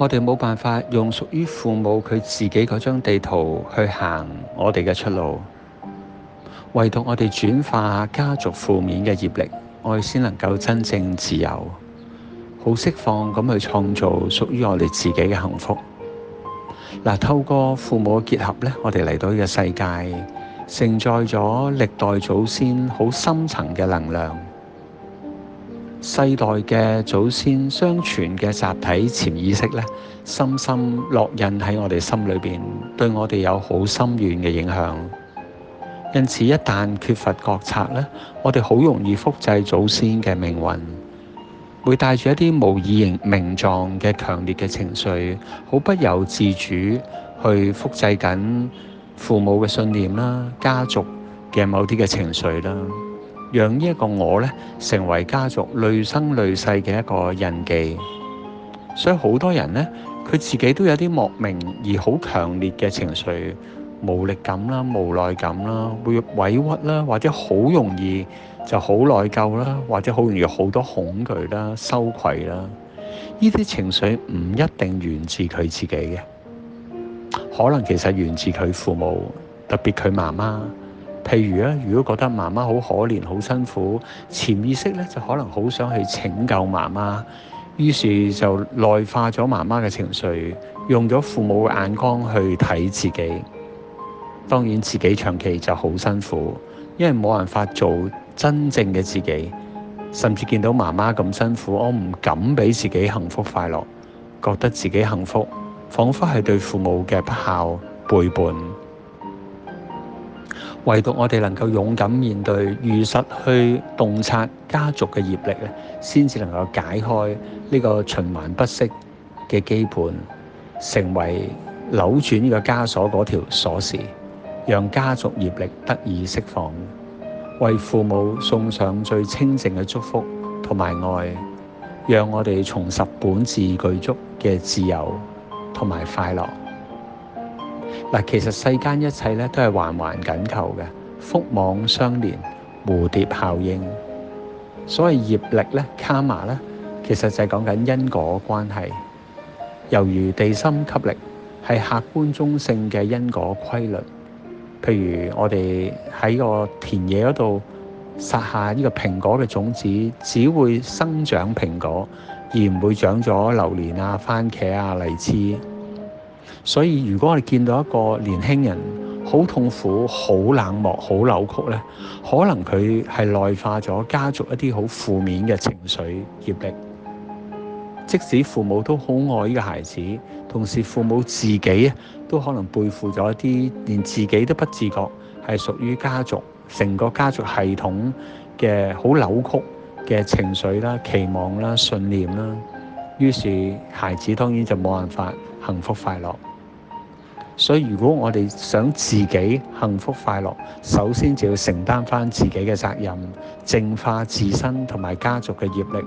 我哋冇辦法用屬於父母佢自己嗰張地圖去行我哋嘅出路，唯獨我哋轉化家族負面嘅業力，我哋先能夠真正自由，好釋放咁去創造屬於我哋自己嘅幸福。嗱、啊，透過父母結合咧，我哋嚟到呢個世界，承載咗歷代祖先好深層嘅能量。世代嘅祖先相傳嘅集體潛意識咧，深深烙印喺我哋心裏邊，對我哋有好深遠嘅影響。因此，一旦缺乏覺察咧，我哋好容易複製祖先嘅命運，會帶住一啲無以形名狀嘅強烈嘅情緒，好不由自主去複製緊父母嘅信念啦、家族嘅某啲嘅情緒啦。讓呢一個我咧成為家族累生累世嘅一個印記，所以好多人咧，佢自己都有啲莫名而好強烈嘅情緒，無力感啦、無奈感啦，會委屈啦，或者好容易就好內疚啦，或者好容易好多恐懼啦、羞愧啦，呢啲情緒唔一定源自佢自己嘅，可能其實源自佢父母，特別佢媽媽。譬如咧，如果覺得媽媽好可憐、好辛苦，潛意識咧就可能好想去拯救媽媽，於是就內化咗媽媽嘅情緒，用咗父母嘅眼光去睇自己。當然自己長期就好辛苦，因為冇辦法做真正嘅自己，甚至見到媽媽咁辛苦，我唔敢俾自己幸福快樂，覺得自己幸福，彷彿係對父母嘅不孝、背叛。唯獨我哋能夠勇敢面對，如實去洞察家族嘅業力咧，先至能夠解開呢個循環不息嘅基本，成為扭轉呢個枷鎖嗰條鎖匙，讓家族業力得以釋放，為父母送上最清淨嘅祝福同埋愛，讓我哋重拾本自具足嘅自由同埋快樂。嗱，其實世間一切咧，都係環環緊扣嘅，福網相連，蝴蝶效應。所謂業力咧、卡瑪咧，其實就係講緊因果關係。由於地心吸力係客觀中性嘅因果規律，譬如我哋喺個田野嗰度撒下呢個蘋果嘅種子，只會生長蘋果，而唔會長咗榴蓮啊、番茄啊、荔枝。所以，如果我哋見到一個年輕人好痛苦、好冷漠、好扭曲咧，可能佢係內化咗家族一啲好負面嘅情緒業力。即使父母都好愛呢個孩子，同時父母自己都可能背負咗一啲連自己都不自覺，係屬於家族成個家族系統嘅好扭曲嘅情緒啦、期望啦、信念啦，於是孩子當然就冇辦法。幸福快樂，所以如果我哋想自己幸福快樂，首先就要承擔返自己嘅責任，淨化自身同埋家族嘅業力，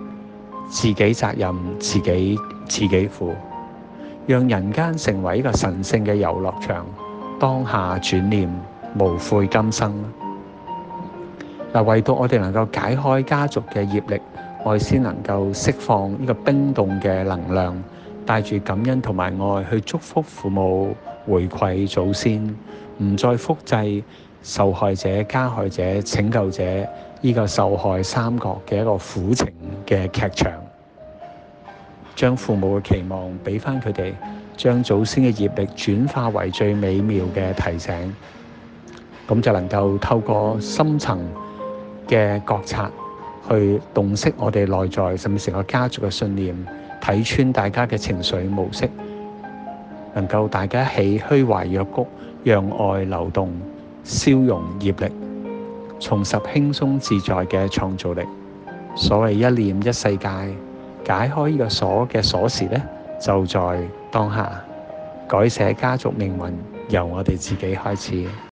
自己責任自己自己負，讓人間成為一個神聖嘅遊樂場。當下轉念，無悔今生。嗱，唯獨我哋能夠解開家族嘅業力，我哋先能夠釋放呢個冰凍嘅能量。帶住感恩同埋愛去祝福父母，回饋祖先，唔再複製受害者、加害者、拯救者呢個受害三角嘅一個苦情嘅劇場。將父母嘅期望俾翻佢哋，將祖先嘅業力轉化為最美妙嘅提醒，咁就能夠透過深層嘅覺察去洞悉我哋內在，甚至成個家族嘅信念。睇穿大家嘅情緒模式，能夠大家一起虛懷若谷，讓愛流動，消融業力，重拾輕鬆自在嘅創造力。所謂一念一世界，解開呢個鎖嘅鎖匙呢，就在當下，改寫家族命運，由我哋自己開始。